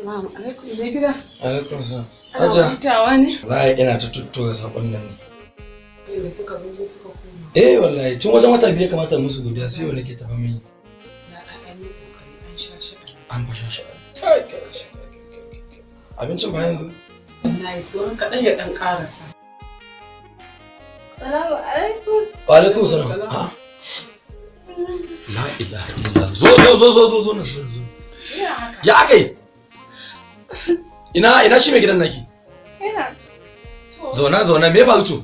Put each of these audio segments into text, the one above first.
alaikum mai gida. Alaikum salam. Aja. Hutawa ne? Ra'ayi ina ta tuttura sakon nan. ne. Eh wallahi tun wajen wata biyu kamata musu godiya sai wani ke tafa mini. an Abincin bayan ku? Na yi tsoron kaɗan ya ɗan ƙarasa. Salamu alaikum. Wa alaikum salam. Ah. La ilaha illallah. Zo zo zo zo zo zo zo zo. Ya aka yi. Ina ina shi mai gidan naki? Ina Yana Zauna zauna me ba to?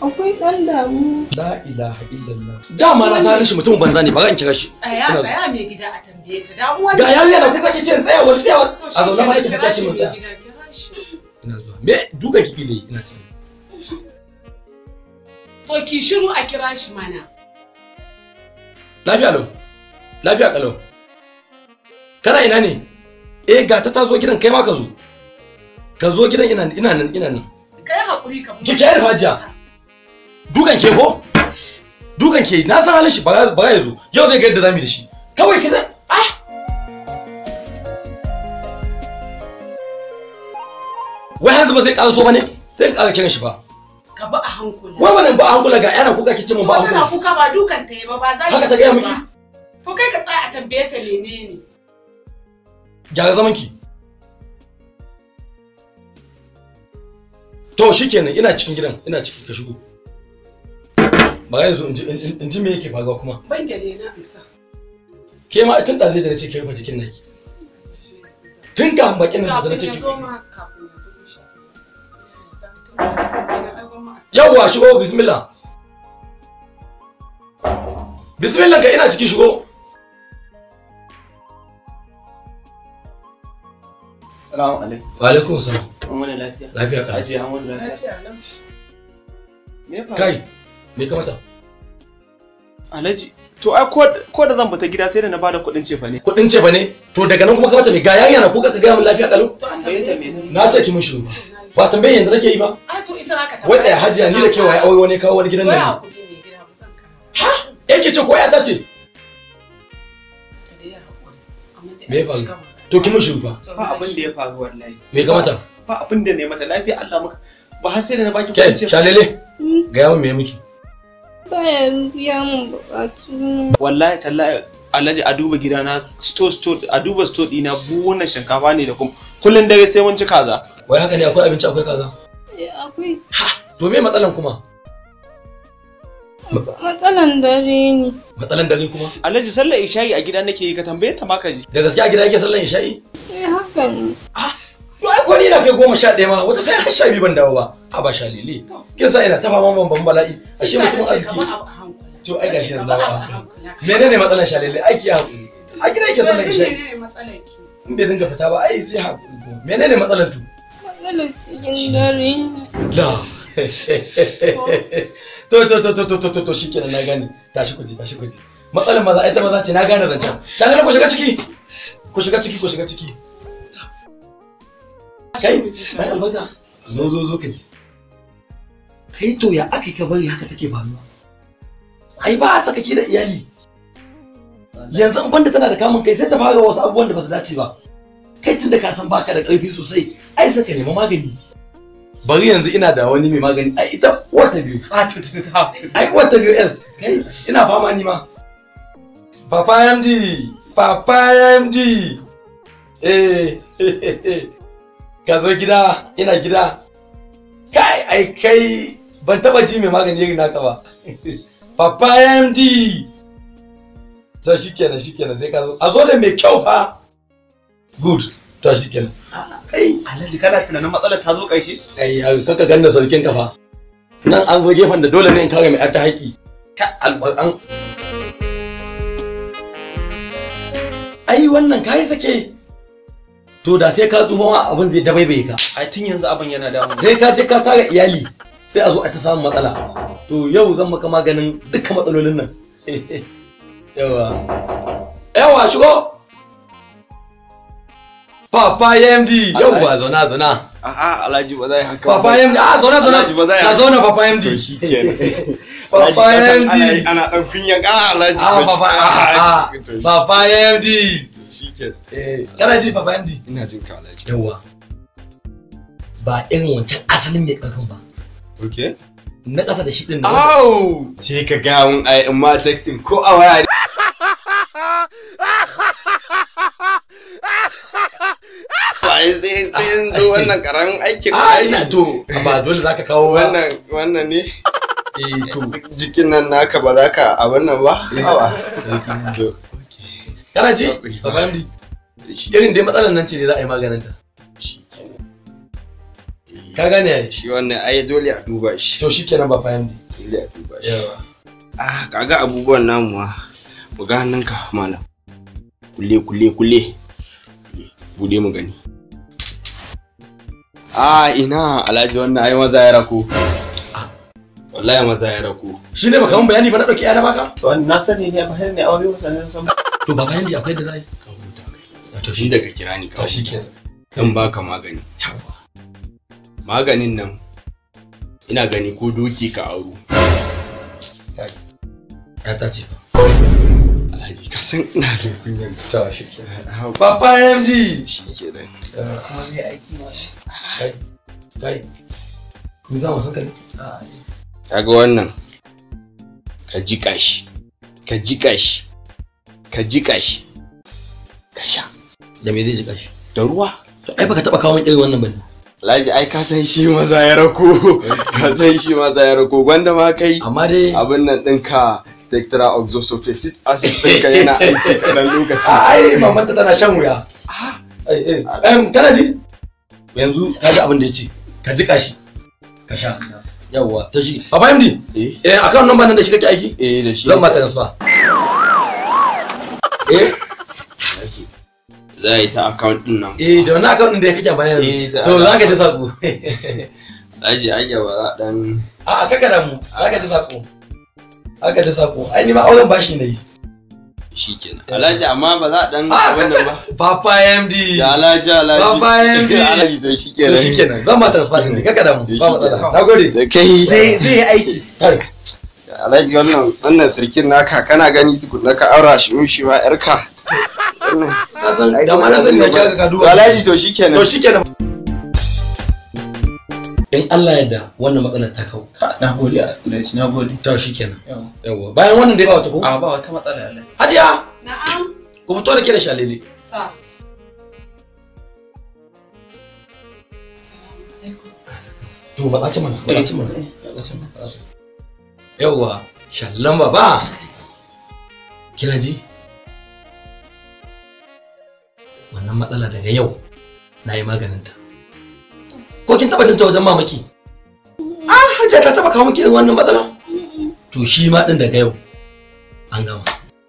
Akwai dan damu. La ilaha illallah. Da ma na san shi mutum banza ne ba zan kira shi. Tsaya tsaya mai gida a tambaye ta. Damuwa. Ga yalle da kuka ki ce tsaya wani tsaya a zauna ma nake kika ce mun tsaya. Ina zuwa. Me duka ki ile ina tsaya. To ki shiru a kira shi mana. Lafiya lau. Lafiya kalau. Kana ina ne? eh ga ta zo gidan kai ma ka zo ka zo gidan ina ina nan ina nan kai hakuri ka ki kai hajiya dukan ke ko dukan ke na san halin shi ba ba ya zo yau zai ga yadda zamu da shi kawai ki ah wai hanzu ba zai ƙara so ba ne sai in ƙara kiran shi ba ka ba a hankula wai wannan ba a hankula ga yana kuka kici mun ba a hankula tana kuka ba dukan ta yi ba ba za ka haka ta ga miki to kai ka tsaya a tambaye ta menene gyara zaman ki to shikenan ina cikin gidan ina cikin ka shigo ba yanzu in ji me yake faruwa kuma ban gare na isa ke ma tun ɗazu da na ce ke rufe jikin naki tun kafin bakin da nace ce ke yawwa shigo bismillah bismillah ka ina cikin shigo Salamu alaikum. Wa alaikum salam. An wani lafiya. Lafiya Aji an wani lafiya. Me Kai, me ka mata? Alhaji, to ai ko da zan bata gida sai da na bada kuɗin cefa ne. Kuɗin cefa ne? To daga nan kuma ka mata me ga yarinya na kuka ka ga mun lafiya kalau? Na ce ki mun shiru. Ba tambayi yanzu nake yi ba. A ah, to ita naka Wai ɗaya hajiya ni da ke waye aure wani kawo wani gidan nan. Ha? Yake ce ko ya ta ce? Me ya to ki mishi ba ba abin da ya faru wallahi me ka mata ba abin da ne mata lafiya Allah maka ba har sai da na baki kwance shalele ga yawo me miki ya biya mun buƙatu. wallahi tallahi alhaji a duba gida na store store a duba store dina buhunan shinkafa ne da kuma kullun dare sai mun ci kaza wai haka ne akwai abinci akwai kaza eh akwai to me matsalan kuma Matsalan dare ne. Matsalan dare kuma? Alhaji sallar isha'i a gida nake yi ka tambaye ta maka ji. Da gaske a gida yake sallar isha'i? Eh haka ne. Ah, to ai ko ni na kai goma sha ɗaya ma wata sai har sha biyu ban dawo ba. A ba sha lele. Kin sa ina ta fama ban ban bala'i. shi mutum arziki. To ai gashi yanzu ba. Menene matsalan sha lele? Aiki ya hakuri. A gida yake sallar isha'i. Menene matsalan ki? In bai dinga fita ba ai sai hakuri. Menene matsalan tu? matsalan cikin dare. Da. to to to to to to to to shikenan na gane tashi ku tashi ku ji matsalar maza ita maza ce na gane zancen shagala ku shiga ciki ku shiga ciki ku shiga ciki kai zo zo zo ka kai to ya aka ka bari haka take faruwa ai ba sa saka da iyali yanzu in banda tana da kamun kai sai ta fara wasu abubuwan da ba su dace ba kai tunda ka san baka da karfi sosai ai saka nemi magani bari yanzu ina da wani mai magani a ita wata biyu ah, a ta ai wata biyu s kai ina fama ni ma papa mg papa mg eh ka zo gida ina gida kai ai kai ban taba ji mai magani irin naka ba papa mg to shikenan shikenan sai ka zo a zo da mai kyau fa good to shikenan kai alhaji kana tunanin matsalar ta zo ƙarshe ai kaka ganna sarkin ka fa nan an zo gefen da dole ne in kare mai ta haƙi ka alƙur'an ai wannan kayi sake to da sai ka tsufa ma abin zai dabaibaye ka ai tun yanzu abin yana damu sai ka je ka tara iyali sai a zo a ta samun matsala to yau zan maka maganin dukkan matsalolin nan yawa yawa shigo Papa MD Yau ba zona zona. A'a Alhaji ba zai haka. Papa MD a zauna zauna. Ka zona Papa MD. To shi kenan. Papa MD. Ana dan kunyan a Alhaji. A Papa Papa MD. Shi kenan. Eh kana ji Papa MD? Ina jin ka Alhaji. Yawa. Ba irin wancan asalin mai karfin ba. Okay. Na ƙasa da shi ɗin. da Au! Sai ka gawun ai in ma texting ko a waya. Bayan zai sai yanzu wannan karan aikin ai ah, to ba dole zaka kawo ba wannan wannan ne eh to jikin nan naka ba za ka a wannan ba eh, hawa to kana ji babandi irin dai matsalar nan ce da za a yi maganin ta ka gane shi wannan ai dole a duba shi to shikenan ba fahimdi dole a duba shi ah kaga abubuwan namu ma mu ga hannunka malam kule kule kule bude mu gani a ina alhaji wannan ai maza ya rako wallahi maza ya rako ne baka mun bayani ba na dauki yana baka to na sani ne ba ne aure wata na san to ba bayani akwai da zai to shi daga kira ni kawai shi kenan dan baka magani maganin nan ina gani ko doki ka auru. ya ta ce ba alhaji ka san ina da kunyar ta shi kenan papa mg shi kenan eh, kuma zai aiki ma kai kai ku za mu saka ah, kaga wannan ka jika shi ka jika shi ka jika shi ka sha da me zai jika shi da ruwa ai baka taba kawo min irin wannan bane Laji ai ka san shi maza ya rako eh. ka san shi maza ya rako gwanda ma kai amma abin nan ɗinka ta kira oxoso fesit assistant ka yana aiki kaɗan lokaci ai maman ta tana shan wuya kana ji yanzu ka ji abin da ya ce ka ji kashi ka sha yawwa ta shi baba md eh, eh akan number nan da shi kake aiki eh da shi zan ma transfer eh za a yi ta account din nan eh da wannan account din da ya kake amfani yanzu eh, to za ka ji sako Aji ayyawa dan. A kaka da mu, za ka ji sako. haka ta sako ai ni ma auren bashi ne shi kenan alhaji amma ba za a dan ah! abin nan ba papa md da alhaji alhaji papa md alhaji to shi kenan shi kenan zan ma transfer ne kaka da mu ba matsala nagode da kai zai yi aiki alhaji wannan wannan sirkin naka kana gani tukun ka aura shi mun shi ma yarka wannan ka san da ma na san da ka duba alhaji to kenan to shikenan in Allah ya da wannan matsala ta kawo. Ah, na gode alhaji na gode shi kenan. yawa bayan wannan dai ba wata ko a ah, ba wata matsala alhaji hajiya na'am ku fito da ke da shalele ah. to ba ɓaci mana ba mana yawa shallan ba ba kina ji wannan matsala daga yau na yi maganinta ko kin taba jinta wajen mamaki ah hajja ta taba kawo miki wannan matsalar to shi ma din daga yau an gama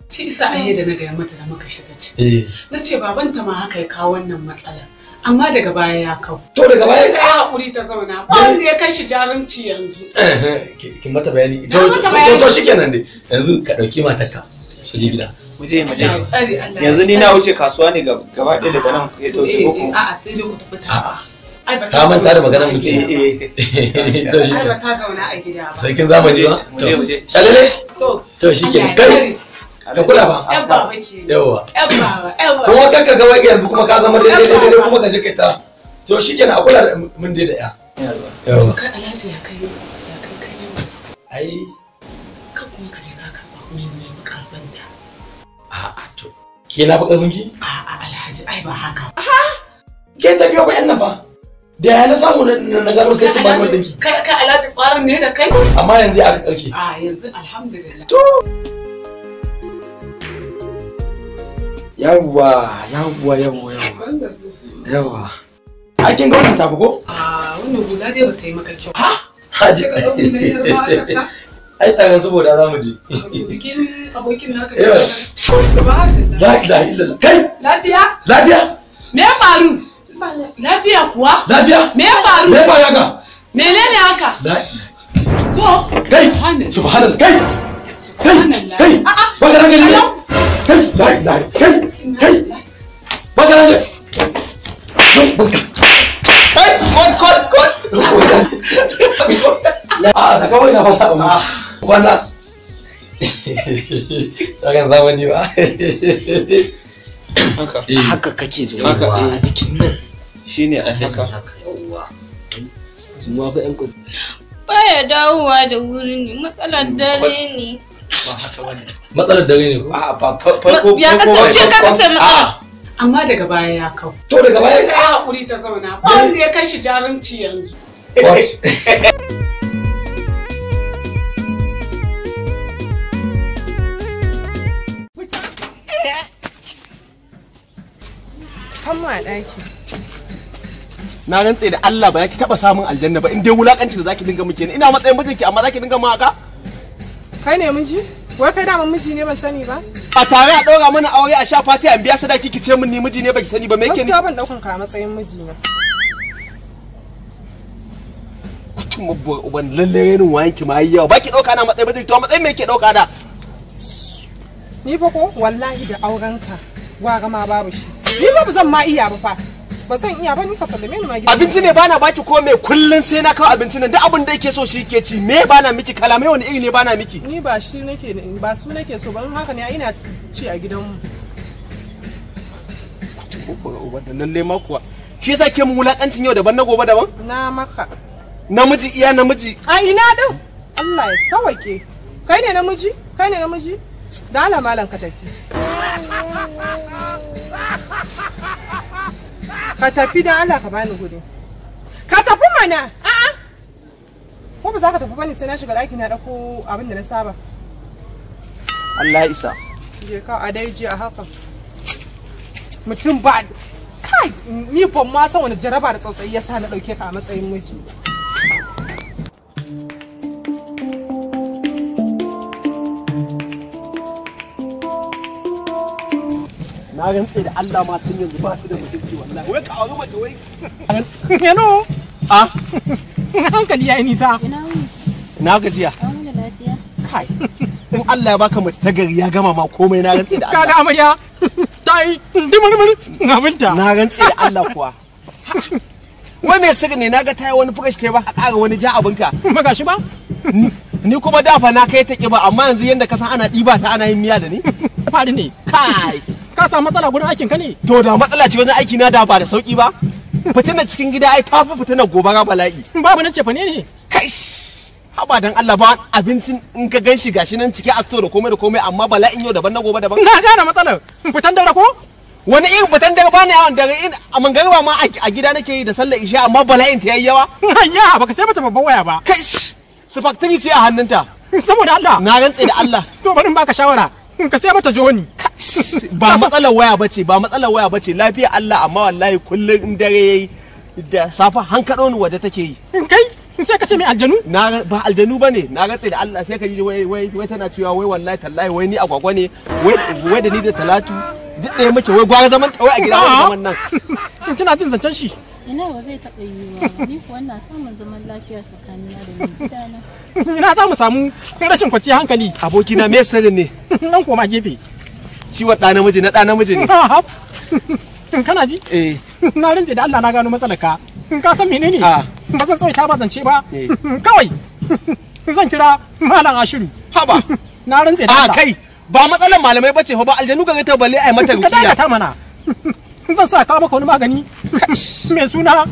shi isa ayi da na gaya mata da muka shiga ciki eh. na ce babanta ma haka ya kawo wannan matsalar amma daga baya ya kawo. to daga baya ta hakuri ta zauna ba wanda ya kashi jarumci yanzu ki mata bayani to to shikenan ne yanzu ka dauki matarka ku je gida yanzu ni na wuce kasuwa ne gaba ɗaya daga nan ya tauce eh, ku eh, a'a sai dai ku tafi ta ka manta da maganar mutum to shi ta zauna a gida ba je to shalale to to shi ke kai ka kula ba yan baba ke yawa kuma kanka ga wai yanzu kuma ka zama daidai daidai kuma ka je kai ta to shi a kula mun je da ya yawa kai alhaji ya kai ya a'a to ke na a'a alhaji ai ba haka ke tafiya ba yan nan ba da ya na samu na gano sai tun bayan ɗinki ka alhaji farin ne da kai amma yanzu aka ɗauke a yanzu alhamdulillah to yawwa yawwa yawwa yawwa yawwa a kin ga wannan tafi ko a wannan guda dai ba ta yi maka kyau ha haji ai tare saboda za mu je bikin abokin naka da ba da lafiya lafiya me faru Lafiya kuwa? Lafiya? Me ya faru? Me ya faru haka? Menene haka? To. Kai. Subhanallah. Kai. Ah, ah. Kai. Kai. Baka ranka ne. Kai. Lai lai. Kai. Kai. Baka ranka. Kai. Kot kot kot. Ah, da kawai na fasa ba. Ah, Wannan. Daga zamani ba. Haka. Eh. Haka kake zuwa a eh. jikin nan. shine a haka haka ba yan ba baya dawowa da wuri ne matsalar mm, dare ne matsalar dare ne a ba farko ya kasance ka kace matsala amma daga baya ya kau to daga baya ya hakuri ta zauna ba wanda ya kai jarumci yanzu Come on, a na rantse da Allah ba ki taba samun aljanna ba in dai wulakanci da zaki dinga ne ina matsayin mijinki amma zaki dinga maka kai ne miji wai kai daman miji ne ban sani ba a tare a daura mana aure a sha fati an biya sadaki ki ce min ni miji ne baki sani ba me yake ni ban daukan ka matsayin miji ne tun mabbar uban lalle renin wayan ki ma yi yawa baki dauka na matsayin mijinki to matsayin me yake dauka da ni fa ko wallahi da aurenka gwara ma babu shi ni ba zan ma iya ba fa ba zan iya ba ni ka sallame ni ma abinci ne bana baki ko me kullun sai na kawo abinci nan duk abin da yake so shi yake ci me bana miki kalamai wani iri ne bana miki ni ba shi nake ba su nake so ban haka ne ina ci a gidan mu da lalle kuwa shi yasa ke mun wulakancin yau daban na gobe daban na maka namiji iya namiji a ina din Allah ya sawake kai ne namiji kai ne namiji da ala malan ka tafi ka tafi dan Allah ka bani guri ka tafi ko ba za ka tafi bane sai na shiga ɗaki na ɗauko abin da na saba Allah isa je a a haka ni ban ma san wani jaraba da tsautsayi yasa na ɗauke ka a matsayin miji na rantse da Allah ma tun yanzu ba su da mutunci wallahi wai ka auri mace wai yano a hankali ya yi nisa na gajiya kai in Allah ya baka mace ta gari ya gama ma komai na rantse da Allah kaga amarya ta yi dimurmur abinta na rantse da Allah kuwa wai me sirri ne naga ta yi wani fresh kai ba a ƙara wani ja abinka ba gashi ba ni kuma dafa na kai ta kiba amma yanzu yanda ka san ana ɗiba ta ana yin miya da ni fari ne kai ka samu matsala gurin aikin ka ne to da matsala ce wajen aiki na da ba da sauki ba fitinar cikin gida ai ta fi fitinar gobara bala'i babu na fa ne ne kai haba dan Allah ba abincin in ka ganshi gashi nan cike a da komai da komai amma bala'in yau daban na gobe daban na gane matsalar fitan dare ko wani irin fitan dare ne a dare in a mangariba ma a gida nake yi da sallar isha amma bala'in ta yayi yawa ya baka sai mata babban waya ba kai su factory ce a hannunta saboda Allah na rantse da Allah to bari in baka shawara ka sai mata joni ba matsalar waya ba ce ba matsalar waya ba ce lafiya Allah amma wallahi kullum in dare yayi da safa hankaɗo ni waje take yi in kai sai ka ce mai aljanu na ba aljanu bane na ratse da Allah sai ka ji wai wai wai tana cewa wai wallahi tallahi wai ni agwagwa ne wai wai da ni da Talatu duk da muke wai gwara zaman wai a gida wai zaman nan kina jin zancen shi ina ba zai taɓa wa ni kuwa na samun zaman lafiya tsakanina da mai gidana ina za mu samu rashin kwanciyar hankali abokina me sirri ne nan koma gefe ciwon ɗa namiji na ɗa namiji ne ah, kana ji eh na rinje da Allah na gano matsalar ka ka san menene ah. ba zan tsawaita ba zance ba eh. mm, kawai zan kira malam ashiru haba na rinje da ah, Allah kai ba matsalar malamai bace ba aljanu ga ta balle ai mata rukiya ka ta mana zan sa ka maka wani magani mai suna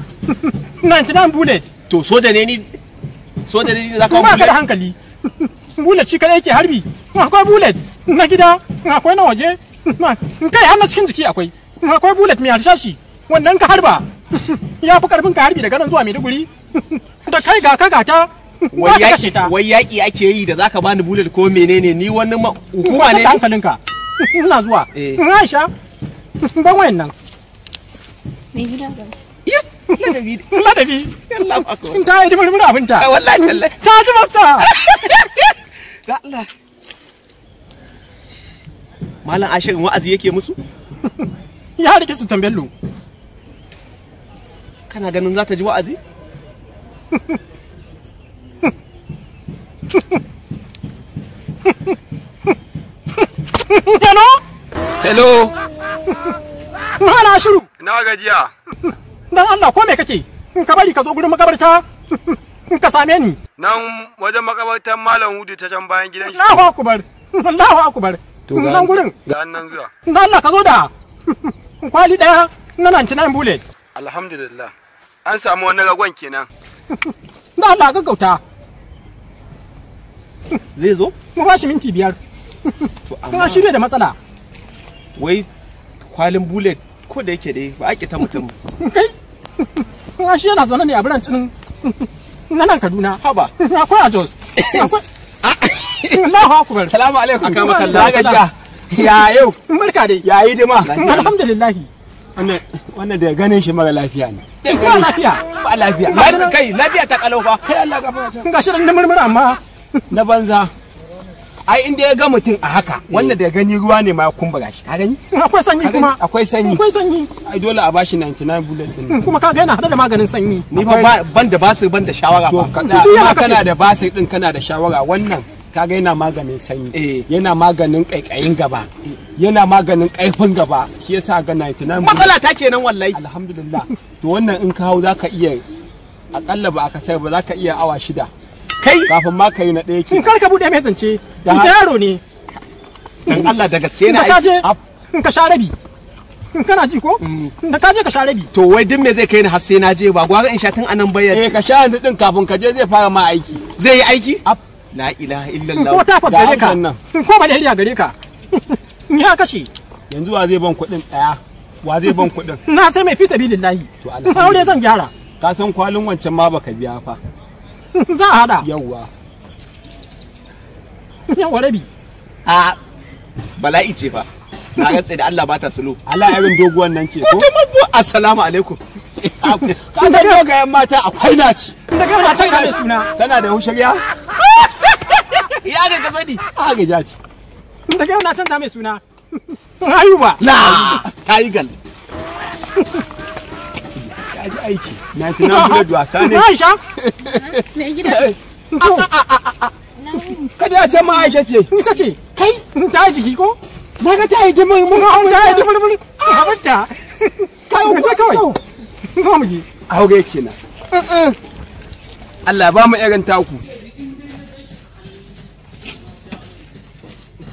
99 bullet to soja ne ni soja ne ni za ka bullet kuma ka da hankali bullet shi kadai yake harbi akwai bullet na gida akwai na waje kai har na cikin jiki akwai akwai bullet mai harshashi wannan ka harba ya fi karfin ka harbi daga nan zuwa maiduguri da kai ga ka gata wai yaƙi ake yi da zaka bani bullet ko menene ni wani hukuma ne hankalinka ina zuwa eh. aisha ban wayan nan mai gida ga ladabi ladabi ta yi dimurmur abinta wallahi ta ji masta da Allah malam ashirin wa'azi yake musu ya rike su tambello kana ganin za ta ji wa'azi hello hello malam shiru na gajiya dan Allah ko me kake ka bari ka zo gurin makabarta ka same ni nan wajen makabartar malam hudu ta can bayan gidan shi Allahu akbar Allahu akbar nan gurin ga nan zuwa ga Allah ka zo da kwali daya na 99 bullet alhamdulillah an samu wani ragon kenan da Allah ka gauta zai zo mu ba shi minti biyar kuma shi bai da matsala wai kwalin bullet ko da yake dai ba a kita mutum kai kuma shi yana zaune ne a birancin nan Kaduna haba akwai a Jos Allahu akbar. Salamu alaikum. Aka maka Allah. Ya yau. Barka dai. Ya yi dima. Alhamdulillah. Wannan da ganin shi mara lafiya ne. Ba lafiya. Ba lafiya. Kai lafiya ta kalau fa. Kai Allah ka fara. Ga shi da murmura amma na banza. ai inda ya ga mutum a haka eh. Wannan da gani ruwa ne ma ya kumbura shi ka gani akwai sanyi kuma akwai sanyi akwai sanyi ai dole a bashi 99 bullet din hmm, kuma ka ga yana hada da maganin sanyi ni fa ban da basu ban da shawara fa kana da basu din kana da shawara wannan kaga yana maganin sanyi eh. yana maganin kaikayin gaba yana maganin kaifin gaba shi yasa ga 99 matsala ta kenan wallahi alhamdulillah to wannan in ka hau zaka iya akalla ba aka sai ba zaka iya awa shida kai kafin ma kai na ɗaya in karka bude mai zance da yaro ne dan Allah da gaske ne ai in ka sha in kana ji ko mm. da ka je ka sha rabi to wai duk me zai kai ni har sai na je ba gwa ga in sha tun anan bayyana eh ka sha yanzu din kafin ka je zai fara ma aiki zai yi aiki la ilaha illallah ko ta fa gare ka ko ba da gare ka ya kashe yanzu wa zai ban kuɗin ɗaya wa zai ban kuɗin na sai mai fi sabilillahi to aure zan gyara ka san kwalin wancan ma baka biya fa za a hada yawwa yawwa rabi a bala'i ce fa na tsaye da Allah ba ta sulu Allah yarin doguwan nan ce ko ta assalamu alaikum ka san dogayen mata akwai naci da kana ta suna tana da hushariya ya ga ka sani a ga jaji daga yau na ta mai suna ayuba la tiger ya ji aiki na tuna duwa wasa ne aisha me gida kada ya ce ma aisha ce ita ce kai ta jiki ko na ga ta yi dimul mun an ta yi dimul mun a bata kai ku kawai zo mu je auge kenan Allah ba mu irin ku.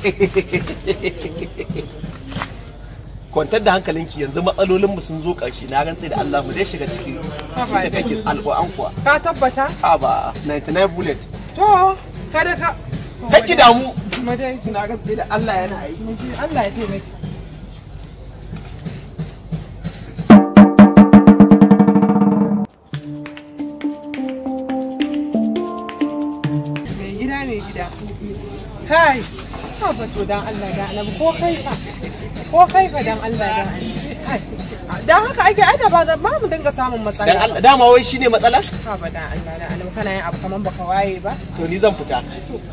kwantar da hankalinki yanzu matsalolin mu sun zo ƙarshe na rantse da Allah mu zai shiga ciki shi da kake alƙur'an kuwa ka tabbata a ba 99 bullet to kada ka kake damu mu dai na rantse da Allah yana yi mu ji Allah ya taimake to dan Allah da annabi ko kai fa ko kai fa dan Allah da dan haka ake aita ba ba mu dinga samun matsala dan Allah dama wai shine matsala ha ba dan Allah da annabi kana yin abu kaman baka waye ba to ni zan fita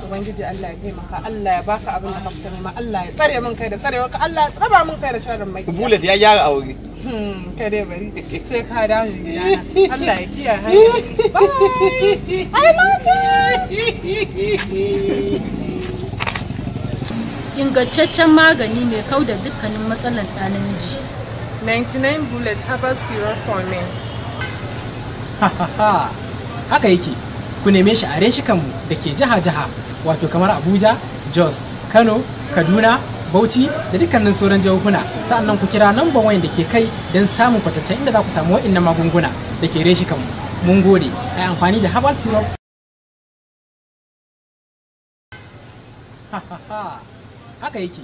ubangiji Allah ya taimaka Allah ya baka abin da ka ma nema Allah ya tsare min kai da tsare ka Allah ya raba min kai da sharrin mai bullet ya gyara aure ta hmm, dai bari sai ka dawo gidana Allah ya kiyaye bye i love you ingantaccen magani mai kau da dukkanin matsalar ɗanin namiji 99 bullet herbal syrup for men haka yake ku neme shi a reshikanmu da ke jiha-jiha wato kamar abuja jos kano kaduna bauchi da dukkanin sauran jihohuna sa'annan ku kira lambar wayan da ke kai don samun kwataccen inda za ku samu wa'in magunguna da ke reshikanmu mun gode a amfani da herbal syrup ha ha ha haka yake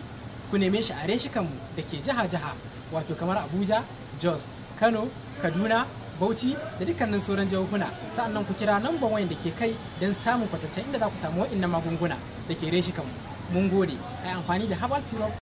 ku neme shi a reshikanmu da ke jiha-jiha wato kamar abuja jos kano kaduna bauchi da dukkanin sauran jihohuna sa'annan ku kira namban wayan da ke kai don samun kwataccen inda za ku samu na magunguna da ke reshikanmu mun gode a amfani da herbal syrup